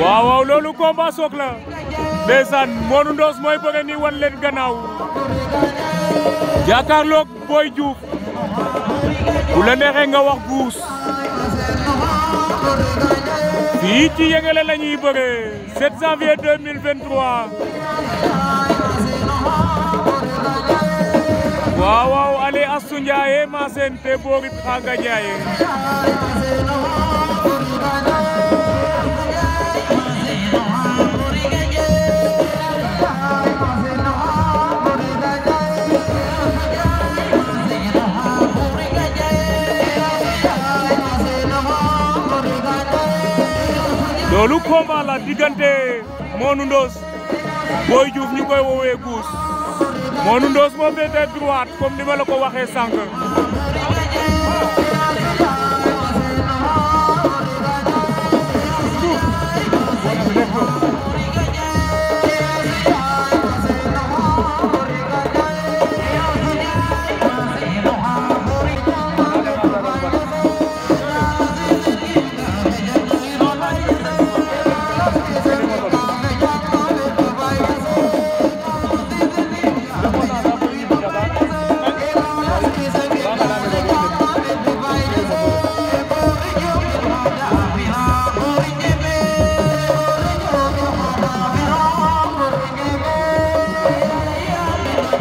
waaw waaw loolu combat soog la ndeysaan Modou Ndoss mooy bëgg ni wan leen gannaaw jàkkaarloog Boy Diouf bu la nga wax guus fii ci yëngale la ñuy bëree 7 janvier ale Astou Ndiaye te borit xaaga Ndiaye loolu combat la diggante Modou Ndoss Boy Diouf ñu koy woowee guus Modou Ndoss moo féetee droite comme ni ma la ko waxee sànq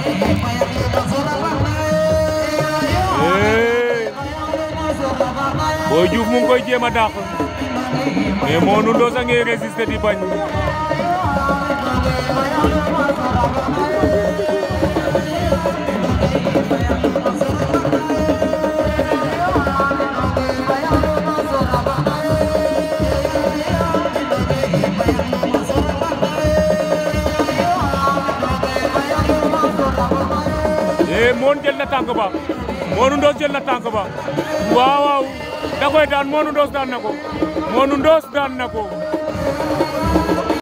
Boy Diouf mu ngi koy jéem a dàq a ngi résister di bañ moon jël na tànk ba moonu ndoos jël na tànk ba waaw waaw daan moonu ndoos daan na ko moonu ndoos daan na ko